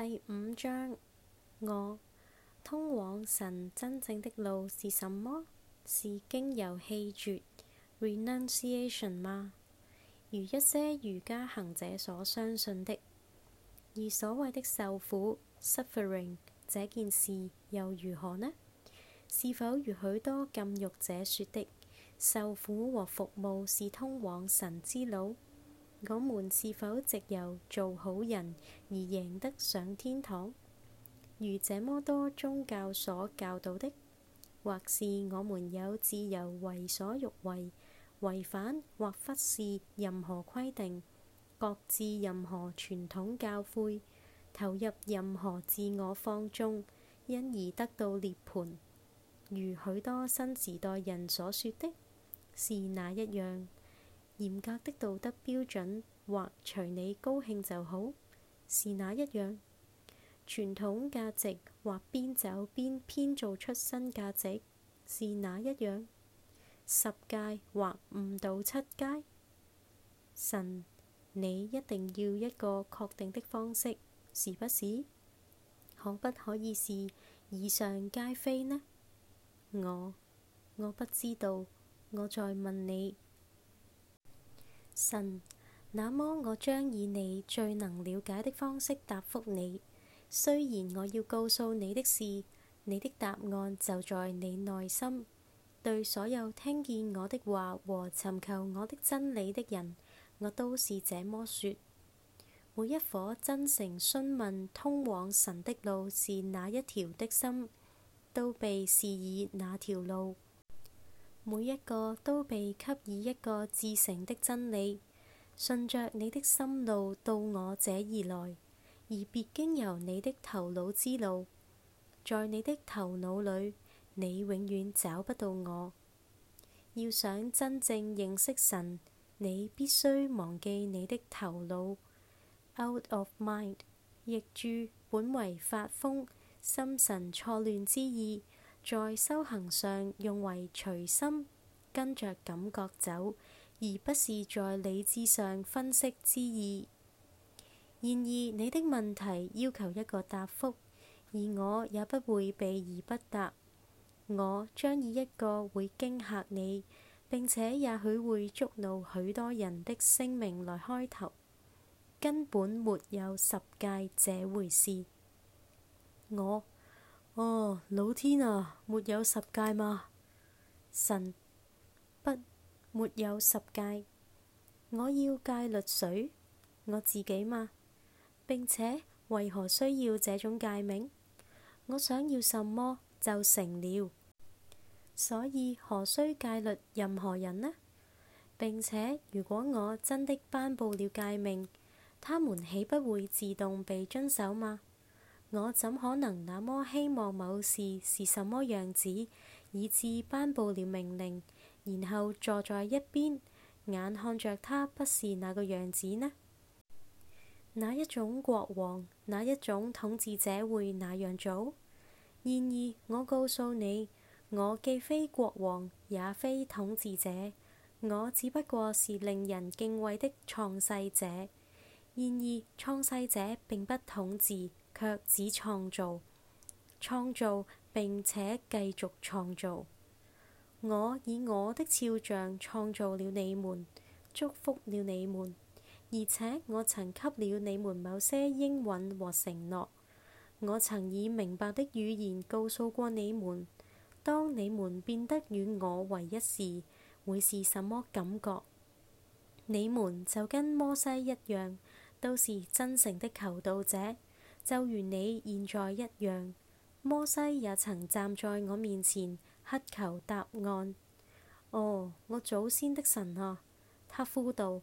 第五章，我通往神真正的路是什麼？是經由棄絕 （renunciation） 嗎？如一些瑜伽行者所相信的。而所謂的受苦 （suffering） 這件事又如何呢？是否如許多禁欲者說的，受苦和服務是通往神之路？我們是否藉由做好人而贏得上天堂？如這麼多宗教所教導的，或是我們有自由為所欲為，違反或忽視任何規定，擱置任何傳統教誨，投入任何自我放縱，因而得到涅槃？如許多新時代人所說的，是哪一樣？嚴格的道德標準，或隨你高興就好，是哪一樣？傳統價值或邊走邊編造出新價值，是哪一樣？十戒或誤導七戒，神，你一定要一個確定的方式，是不是？可不可以是以上皆非呢？我我不知道，我在問你。神，那麼我將以你最能了解的方式答覆你。雖然我要告訴你的事，你的答案就在你內心。對所有聽見我的話和尋求我的真理的人，我都是這麼說。每一顆真誠詢問通往神的路是哪一條的心，都被示以那條路。每一個都被給以一個至誠的真理，順着你的心路到我這兒來，而別經由你的頭腦之路。在你的頭腦裏，你永遠找不到我。要想真正認識神，你必須忘記你的頭腦。Out of mind，譯注本為發瘋、心神錯亂之意。在修行上用為隨心跟着感覺走，而不是在理智上分析之意。然而你的問題要求一個答覆，而我也不會避而不答。我將以一個會驚嚇你並且也許會觸怒許多人的聲明來開頭，根本沒有十戒這回事。我。哦，老天啊，沒有十誡嘛？神不沒有十誡，我要戒律誰？我自己嘛。並且為何需要這種誡命？我想要什麼就成了，所以何須戒律任何人呢？並且如果我真的頒布了誡命，他們豈不會自動被遵守嗎？我怎可能那麼希望某事是什麼樣子，以致頒布了命令，然後坐在一邊，眼看着他不是那個樣子呢？哪一種國王，哪一種統治者會那樣做？然而，我告訴你，我既非國王，也非統治者，我只不過是令人敬畏的創世者。然而，創世者並不統治。卻只創造、創造並且繼續創造。我以我的肖像創造了你們，祝福了你們，而且我曾給了你們某些應允和承諾。我曾以明白的語言告訴過你們，當你們變得與我為一時，會是什麼感覺。你們就跟摩西一樣，都是真誠的求道者。就如你現在一樣，摩西也曾站在我面前乞求答案。哦，我祖先的神啊，他呼道：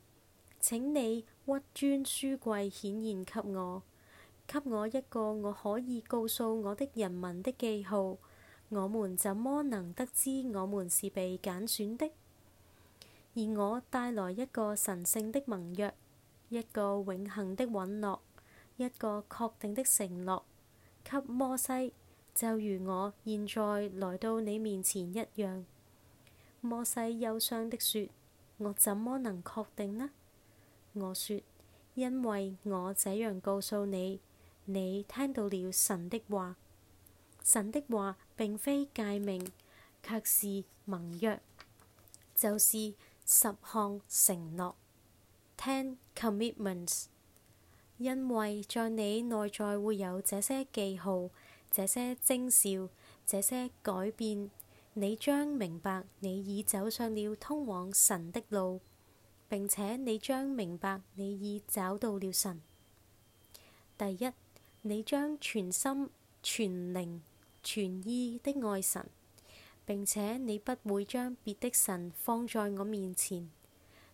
請你屈尊書櫃顯現給我，給我一個我可以告訴我的人民的記號，我們怎麼能得知我們是被揀選的？而我帶來一個神聖的盟約，一個永恆的允諾，一個確定的承諾給摩西，就如我現在來到你面前一樣。摩西憂傷的說：我怎麼能確定呢？我說：因為我這樣告訴你，你聽到了神的話。神的話並非戒命，卻是盟約，就是十項承諾 t commitments）。因為在你內在會有這些記號、這些徵兆、這些改變，你將明白你已走上了通往神的路，並且你將明白你已找到了神。第一，你將全心、全靈、全意的愛神，並且你不會將別的神放在我面前，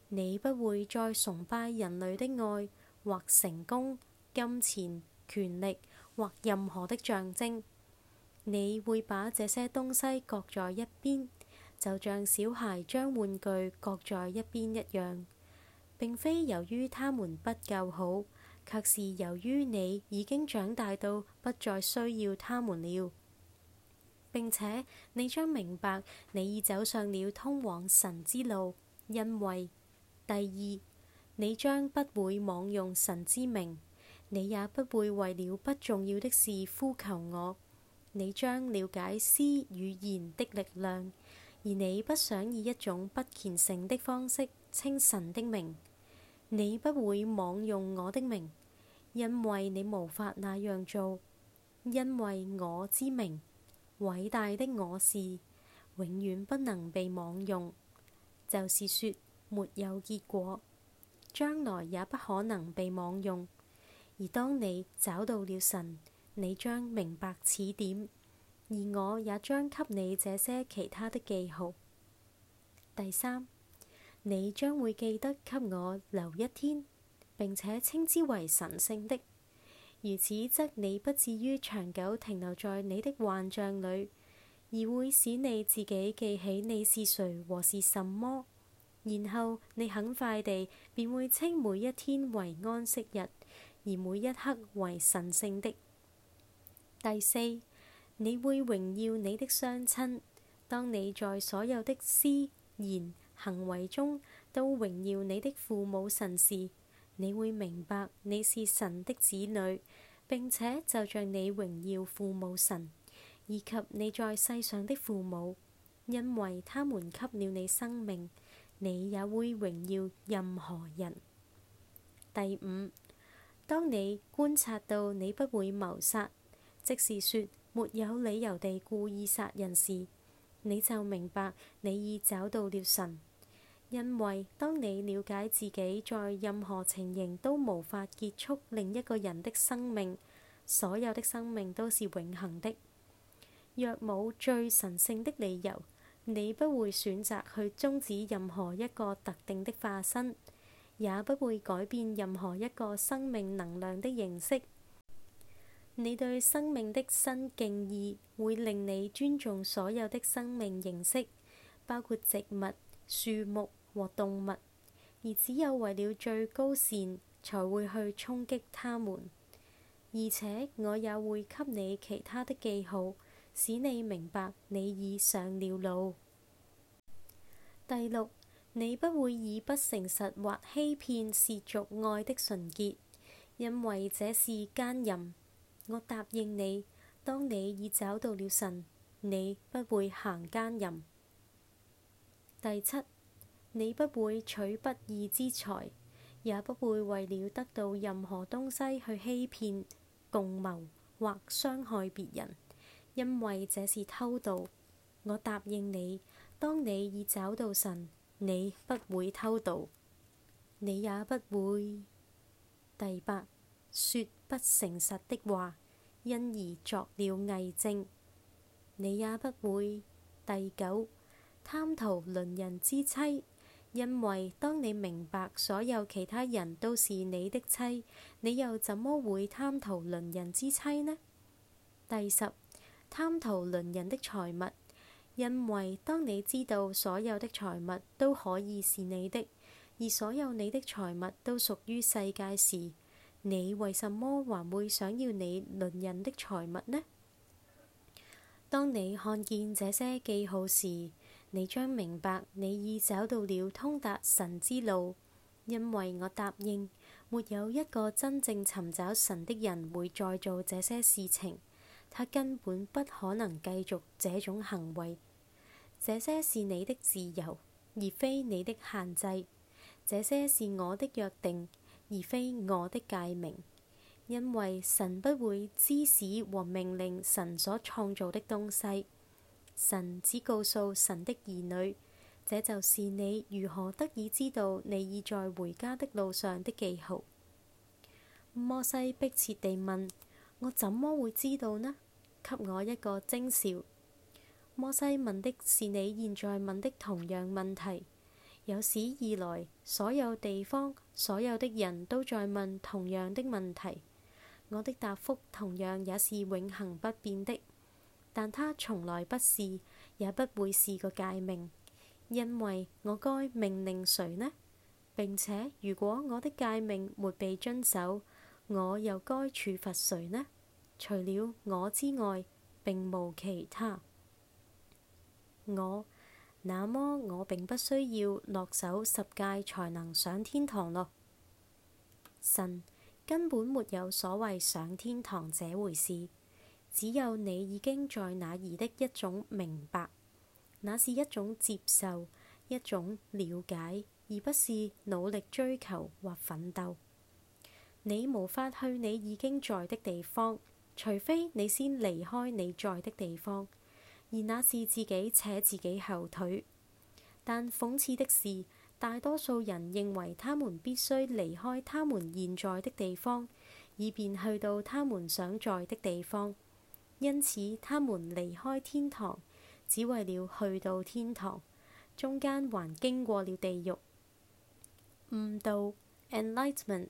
你不會再崇拜人類的愛。或成功、金錢、權力，或任何的象徵，你會把這些東西擱在一邊，就像小孩將玩具擱在一邊一樣。並非由於他們不夠好，卻是由於你已經長大到不再需要他們了。並且你將明白，你已走上了通往神之路，因為第二。你將不會妄用神之名，你也不會為了不重要的事呼求我。你將了解思與言的力量，而你不想以一種不虔誠的方式稱神的名。你不會妄用我的名，因為你無法那樣做，因為我之名偉大的我是永遠不能被妄用，就是說沒有結果。將來也不可能被妄用，而當你找到了神，你將明白此點，而我也將給你這些其他的記號。第三，你將會記得給我留一天，並且稱之為神聖的。如此則你不至於長久停留在你的幻象裡，而會使你自己記起你是誰和是什麼。然後你很快地便會稱每一天為安息日，而每一刻為神聖的。第四，你會榮耀你的雙親。當你在所有的思言行為中都榮耀你的父母神時，你會明白你是神的子女。並且就像你榮耀父母神，以及你在世上的父母，因為他們給了你生命。你也會榮耀任何人。第五，當你觀察到你不會謀殺，即是說沒有理由地故意殺人時，你就明白你已找到了神，因為當你了解自己在任何情形都無法結束另一個人的生命，所有的生命都是永恆的，若冇最神聖的理由。你不會選擇去終止任何一個特定的化身，也不會改變任何一個生命能量的形式。你對生命的新敬意會令你尊重所有的生命形式，包括植物、樹木和動物，而只有為了最高善，才會去衝擊他們，而且我也會給你其他的記號。使你明白，你已上了路。第六，你不會以不誠實或欺騙褻瀆愛的純潔，因為這是奸淫。我答應你，當你已找到了神，你不會行奸淫。第七，你不會取不義之財，也不會為了得到任何東西去欺騙、共謀或傷害別人。因為這是偷盜。我答應你，當你已找到神，你不會偷盜，你也不會。第八，說不誠實的話，因而作了偽證。你也不會。第九，貪圖鄰人之妻，因為當你明白所有其他人都是你的妻，你又怎麼會貪圖鄰人之妻呢？第十，貪圖鄰人的財物，因為當你知道所有的財物都可以是你的，而所有你的財物都屬於世界時，你為什麼還會想要你鄰人的財物呢？當你看見這些記號時，你將明白你已找到了通達神之路，因為我答應，沒有一個真正尋找神的人會再做這些事情。他根本不可能繼續這種行為。這些是你的自由，而非你的限制；這些是我的約定，而非我的誡命。因為神不會指使和命令神所創造的東西，神只告訴神的兒女，這就是你如何得以知道你已在回家的路上的記號。摩西迫切地問。我怎麼會知道呢？給我一個徵兆。摩西問的是你現在問的同樣問題。有史以來，所有地方、所有的人都在問同樣的問題。我的答覆同樣也是永恒不變的，但它從來不是，也不會是個誡命，因為我該命令誰呢？並且如果我的誡命沒被遵守，我又該處罰誰呢？除了我之外，並無其他。我，那麼我並不需要落手十戒才能上天堂咯。神，根本沒有所謂上天堂這回事，只有你已經在那兒的一種明白，那是一種接受，一種了解，而不是努力追求或奮鬥。你無法去你已經在的地方，除非你先離開你在的地方，而那是自己扯自己後腿，但諷刺的是，大多數人認為他們必須離開他們現在的地方，以便去到他們想在的地方，因此他們離開天堂，只為了去到天堂，中間還經過了地獄。悟道，enlightenment e n。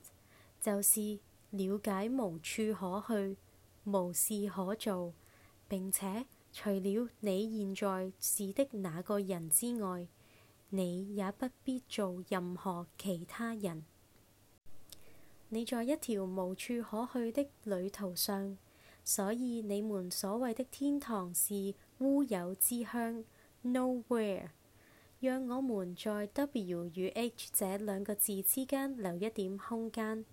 就是了解無處可去、無事可做，並且除了你現在是的那個人之外，你也不必做任何其他人。你在一條無處可去的旅途上，所以你們所謂的天堂是烏有之鄉 （nowhere）。讓我們在 W 與 H 這兩個字之間留一點空間。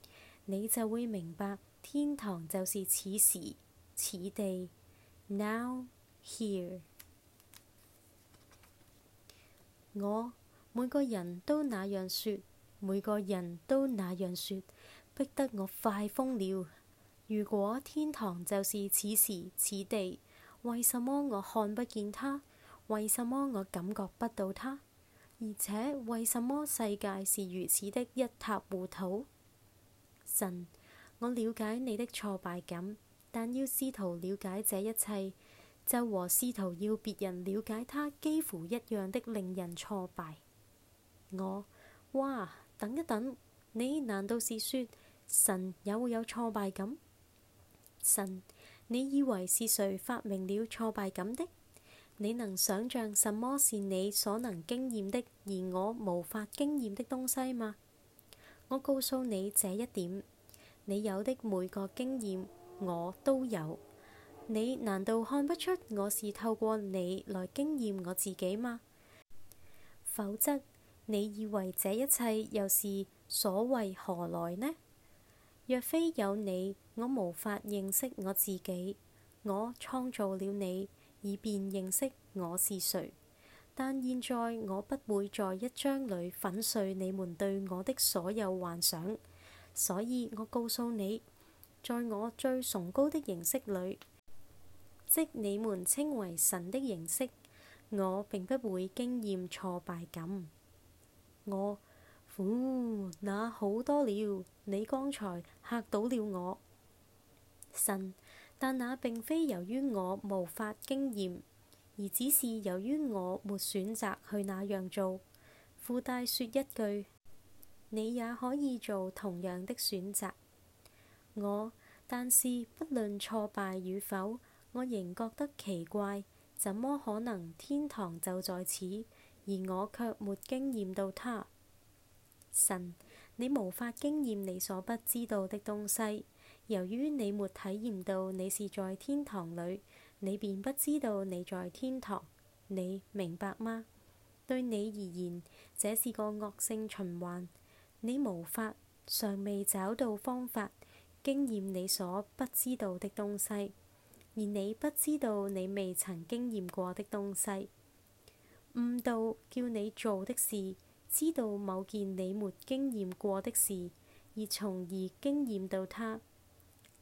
你就會明白，天堂就是此時此地。Now, here。我每個人都那樣説，每個人都那樣説，逼得我快瘋了。如果天堂就是此時此地，為什麼我看不見他？為什麼我感覺不到他？而且為什麼世界是如此的一塌糊塗？神，我了解你的挫敗感，但要試圖了解這一切，就和試圖要別人了解他幾乎一樣的令人挫敗。我，哇，等一等，你難道是說神也會有挫敗感？神，你以為是誰發明了挫敗感的？你能想象什麼是你所能經驗的，而我無法經驗的東西嗎？我告訴你這一點，你有的每個經驗我都有。你難道看不出我是透過你來經驗我自己嗎？否則你以為這一切又是所謂何來呢？若非有你，我無法認識我自己。我創造了你，以便認識我是誰。但現在我不會在一章裏粉碎你們對我的所有幻想，所以我告訴你，在我最崇高的形式裏，即你們稱為神的形式，我並不會經驗挫敗感。我，呼、哦，那好多了，你剛才嚇到了我，神，但那並非由於我無法經驗。而只是由於我沒選擇去那樣做，附帶說一句：你也可以做同樣的選擇。我，但是不論挫敗與否，我仍覺得奇怪，怎麼可能天堂就在此，而我卻沒經驗到它？神，你無法經驗你所不知道的東西，由於你沒體驗到你是在天堂裏。你便不知道你在天堂，你明白嗎？對你而言，這是個惡性循環，你無法尚未找到方法經驗你所不知道的東西，而你不知道你未曾經驗過的東西。悟道叫你做的事，知道某件你沒經驗過的事，而從而經驗到它。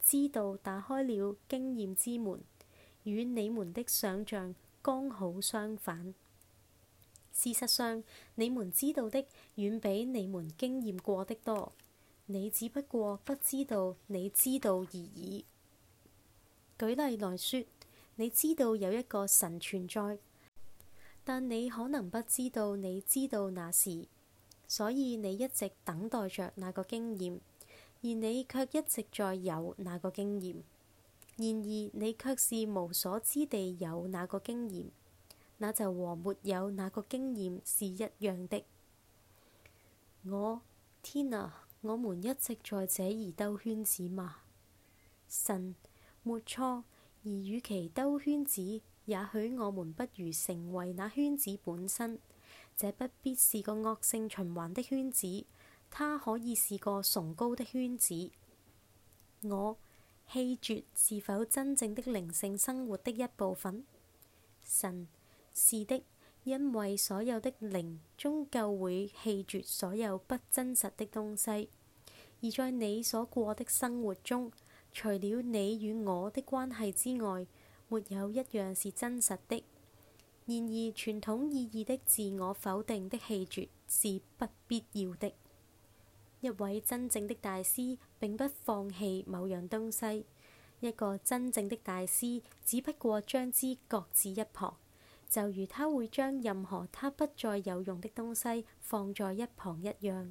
知道打開了經驗之門。與你們的想像剛好相反。事實上，你們知道的遠比你們經驗過的多。你只不過不知道你知道而已。舉例來說，你知道有一個神存在，但你可能不知道你知道那事，所以你一直等待着那個經驗，而你卻一直在有那個經驗。然而你卻是無所知地有那個經驗，那就和沒有那個經驗是一樣的。我，天啊，我們一直在這兒兜圈子嘛。神，沒錯。而與其兜圈子，也許我們不如成為那圈子本身。這不必是個惡性循環的圈子，它可以是個崇高的圈子。我。棄絕是否真正的靈性生活的一部分？神，是的，因為所有的靈終究會棄絕所有不真實的東西。而在你所過的生活中，除了你與我的關係之外，沒有一樣是真實的。然而，傳統意義的自我否定的棄絕是不必要的。一位真正的大師並不放棄某樣東西，一個真正的大師只不過將之擱置一旁，就如他會將任何他不再有用的東西放在一旁一樣。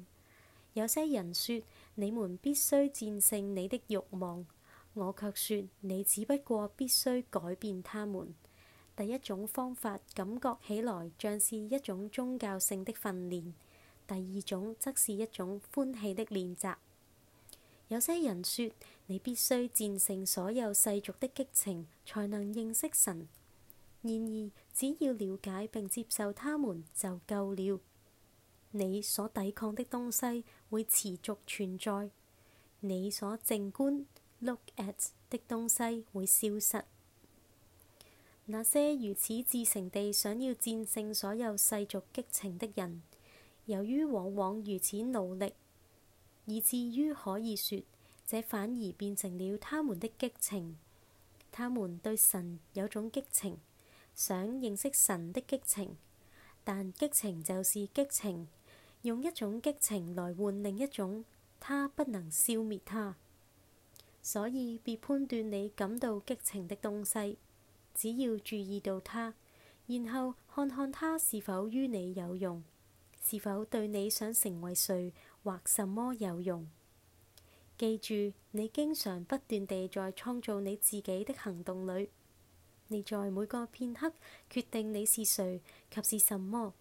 有些人說，你們必須戰勝你的慾望，我卻說你只不過必須改變他們。第一種方法感覺起來像是一種宗教性的訓練。第二種則是一種歡喜的練習。有些人說，你必須戰勝所有世俗的激情，才能認識神。然而，只要了解並接受他們就夠了。你所抵抗的東西會持續存在，你所靜觀 look at 的東西會消失。那些如此至誠地想要戰勝所有世俗激情的人，由於往往如此努力，以至於可以說，這反而變成了他們的激情。他們對神有種激情，想認識神的激情。但激情就是激情，用一種激情來換另一種，他不能消滅他，所以別判斷你感到激情的東西，只要注意到它，然後看看它是否於你有用。是否對你想成為誰或什麼有用？記住，你經常不斷地在創造你自己的行動裏。你在每個片刻決定你是誰及是什麼。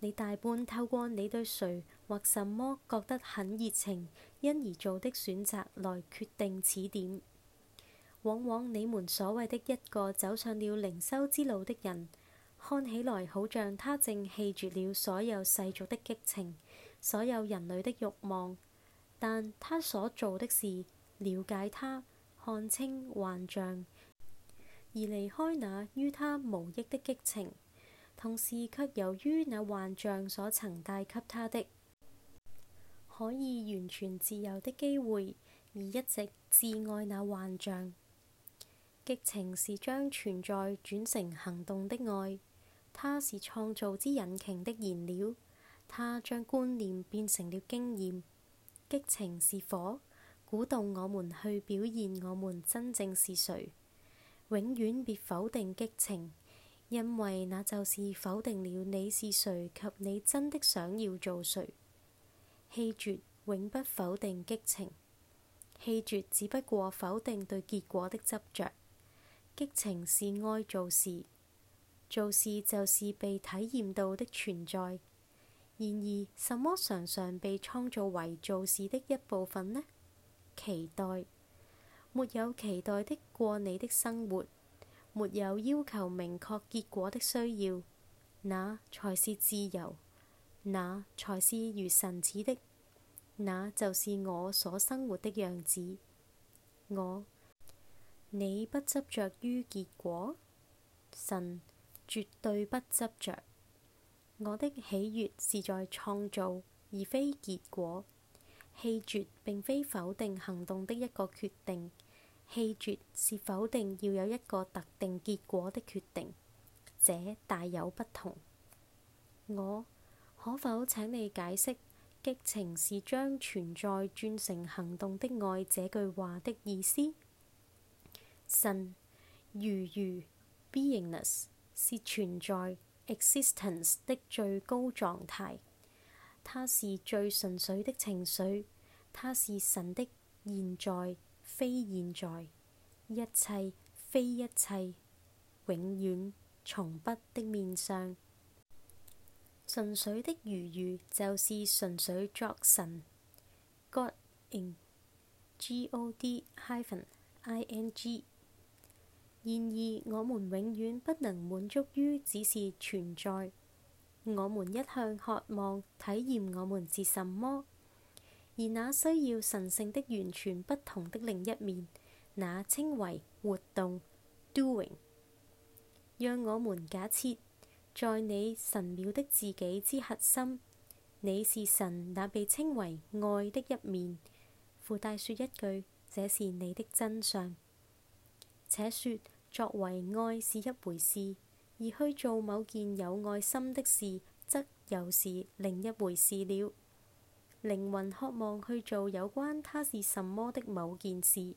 你大半透過你對誰或什麼覺得很熱情，因而做的選擇來決定此點。往往你們所謂的一個走上了靈修之路的人。看起來好像他正棄絕了所有世俗的激情，所有人類的欲望，但他所做的是，了解他看清幻象，而離開那於他無益的激情，同時卻由於那幻象所曾帶給他的，可以完全自由的機會，而一直摯愛那幻象。激情是將存在轉成行動的愛，它是創造之引擎的燃料，它將觀念變成了經驗。激情是火，鼓動我們去表現我們真正是誰。永遠別否定激情，因為那就是否定了你是誰及你真的想要做誰。棄絕永不否定激情，棄絕只不過否定對結果的執着。激情是愛做事，做事就是被體驗到的存在。然而，什麼常常被創造為做事的一部分呢？期待，沒有期待的過你的生活，沒有要求明確結果的需要，那才是自由，那才是如神似的，那就是我所生活的樣子，我。你不執着於結果，神絕對不執着。我的喜悦是在創造，而非結果。棄絕並非否定行動的一個決定，棄絕是否定要有一個特定結果的決定，這大有不同。我可否請你解釋激情是將存在轉成行動的愛這句話的意思？神如如，Beingness 是存在 existence 的最高狀態，它是最純粹的情緒，它是神的現在，非現在，一切非一切，永遠從不的面相，純粹的如如就是純粹作神 god ing，g o d hyphen i n g 然而，我們永遠不能滿足於只是存在。我們一向渴望體驗我們是什麼，而那需要神性的完全不同的另一面，那稱為活動 （doing）。讓我們假設，在你神妙的自己之核心，你是神，那被稱為愛的一面。附帶說一句，這是你的真相。且說。作為愛是一回事，而去做某件有愛心的事則又是另一回事了。靈魂渴望去做有關他是什麼的某件事，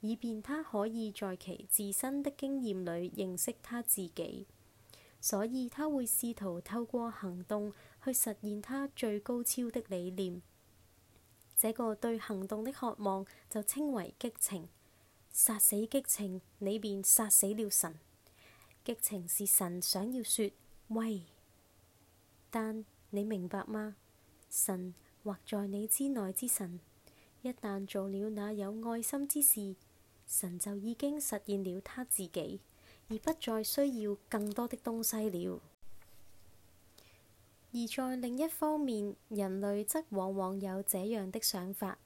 以便他可以在其自身的經驗裡認識他自己，所以他會試圖透過行動去實現他最高超的理念。這個對行動的渴望就稱為激情。殺死激情，你便殺死了神。激情是神想要說喂，但你明白嗎？神或在你之內之神，一旦做了那有愛心之事，神就已經實現了他自己，而不再需要更多的東西了。而在另一方面，人類則往往有這樣的想法。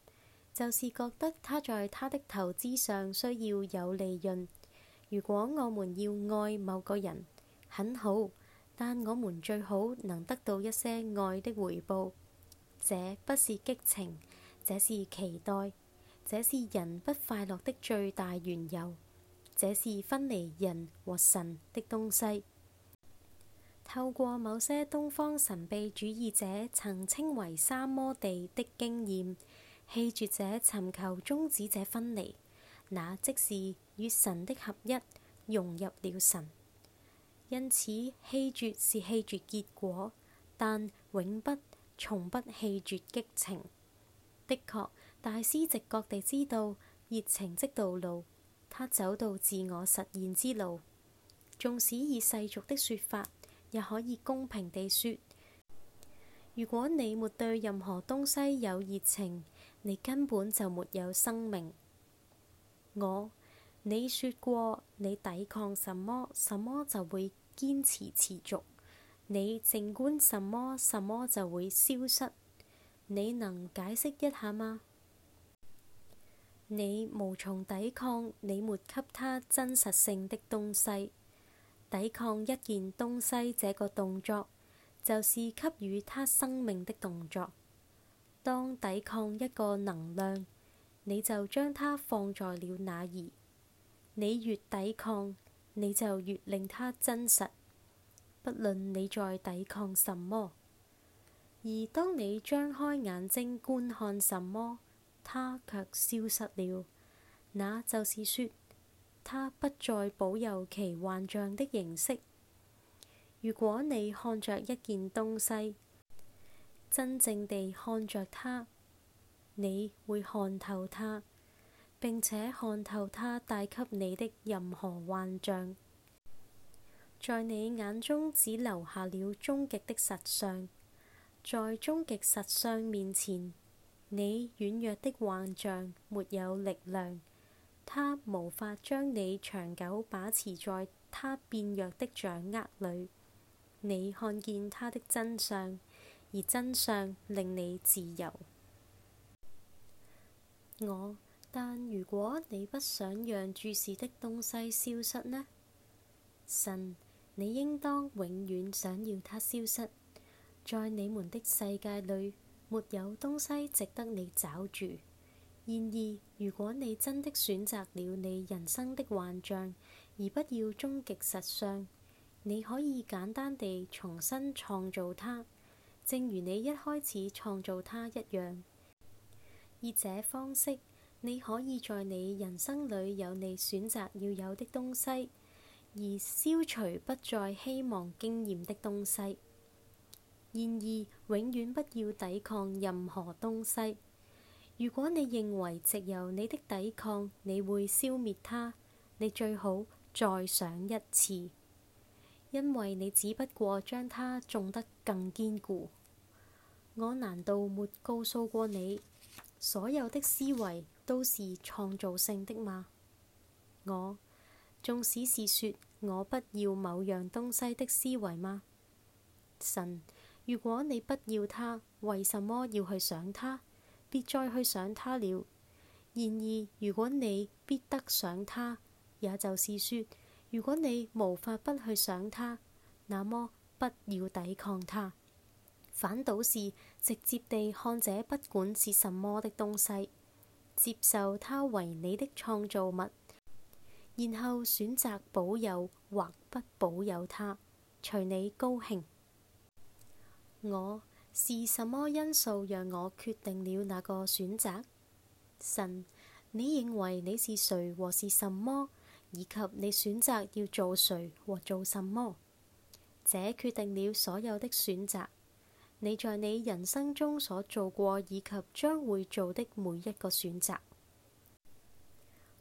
就是覺得他在他的投資上需要有利潤。如果我們要愛某個人，很好，但我們最好能得到一些愛的回報。這不是激情，這是期待，這是人不快樂的最大緣由，這是分離人和神的東西。透過某些東方神秘主義者曾稱為三摩地的經驗。棄絕者尋求終止者分離，那即是與神的合一，融入了神。因此，棄絕是棄絕結果，但永不從不棄絕激情。的確，大師直覺地知道熱情即道路，他走到自我實現之路。縱使以世俗的說法，也可以公平地說：如果你沒對任何東西有熱情，你根本就沒有生命。我，你說過，你抵抗什麼什麼就會堅持持續，你靜觀什麼什麼就會消失。你能解釋一下嗎？你無從抵抗，你沒給他真實性的東西。抵抗一件東西這個動作，就是給予他生命的動作。當抵抗一個能量，你就將它放在了那兒。你越抵抗，你就越令它真實。不論你在抵抗什麼，而當你張開眼睛觀看什麼，它却消失了。那就是說，它不再保有其幻象的形式。如果你看着一件東西，真正地看着他，你會看透他，並且看透他帶給你的任何幻象，在你眼中只留下了終極的實相。在終極實相面前，你軟弱的幻象沒有力量，他無法將你長久把持在他變弱的掌握裏。你看見他的真相。而真相令你自由。我，但如果你不想讓注視的東西消失呢？神，你應當永遠想要它消失，在你們的世界裏，沒有東西值得你抓住。然而，如果你真的選擇了你人生的幻象，而不要終極實相，你可以簡單地重新創造它。正如你一開始創造它一樣，以這方式，你可以在你人生裏有你選擇要有的東西，而消除不再希望經驗的東西。然而，永遠不要抵抗任何東西。如果你認為藉由你的抵抗，你會消滅它，你最好再想一次。因為你只不過將它種得更堅固，我難道沒告訴過你，所有的思維都是創造性的嗎？我，縱使是說我不要某樣東西的思維嗎？神，如果你不要它，為什麼要去想它？別再去想它了。然而，如果你必得想它，也就是說。如果你無法不去想他，那麼不要抵抗他。反倒是直接地看這，不管是什麼的東西，接受他為你的創造物，然後選擇保有或不保有他，隨你高興。我，是什麼因素讓我決定了那個選擇？神，你認為你是誰和是什麼？以及你選擇要做誰和做什麼，這決定了所有的選擇。你在你人生中所做過以及將會做的每一個選擇，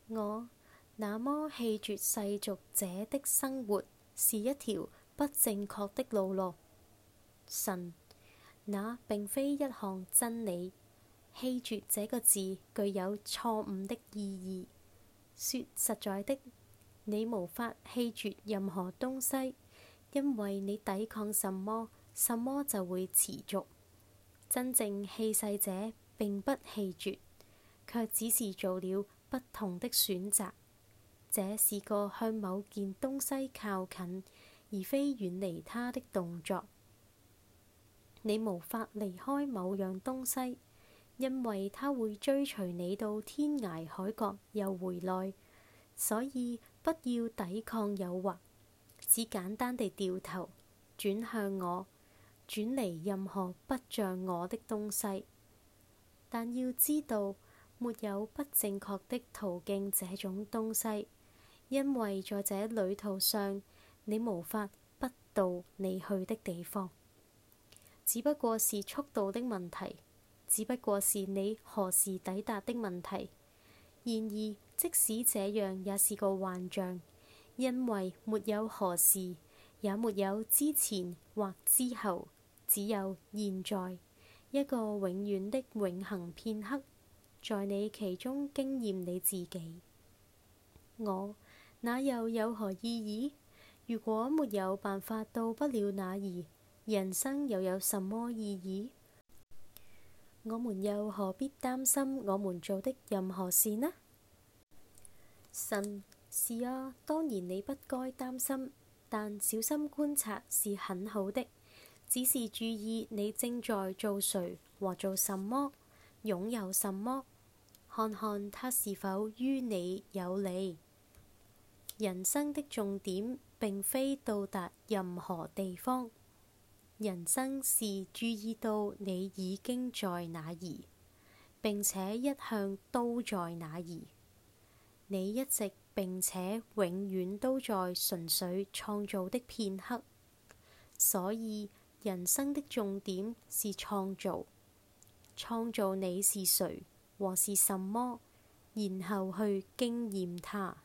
我，那麼棄絕世俗者的生活是一條不正確的路路。神，那並非一項真理。棄絕這個字具有錯誤的意義。說實在的。你無法棄絕任何東西，因為你抵抗什麼，什麼就會持續。真正棄世者並不棄絕，卻只是做了不同的選擇。這是個向某件東西靠近，而非遠離它的動作。你無法離開某樣東西，因為它會追隨你到天涯海角又回來，所以，不要抵抗誘惑，只簡單地掉頭轉向我，轉離任何不像我的東西。但要知道，沒有不正確的途徑這種東西，因為在這旅途上，你無法不到你去的地方，只不過是速度的問題，只不過是你何時抵達的問題。然而，即使這樣也是個幻象，因為沒有何時，也沒有之前或之後，只有現在一個永遠的永恆片刻，在你其中經驗你自己。我那又有何意義？如果沒有辦法到不了那兒，人生又有什麼意義？我們又何必擔心我們做的任何事呢？神，是啊，當然你不該擔心，但小心觀察是很好的。只是注意你正在做誰和做什麼，擁有什麼，看看他是否於你有利。人生的重點，並非到達任何地方。人生是注意到你已經在哪兒，並且一向都在哪兒。你一直並且永遠都在純粹創造的片刻，所以人生的重點是創造，創造你是誰，和是什麼，然後去經驗它。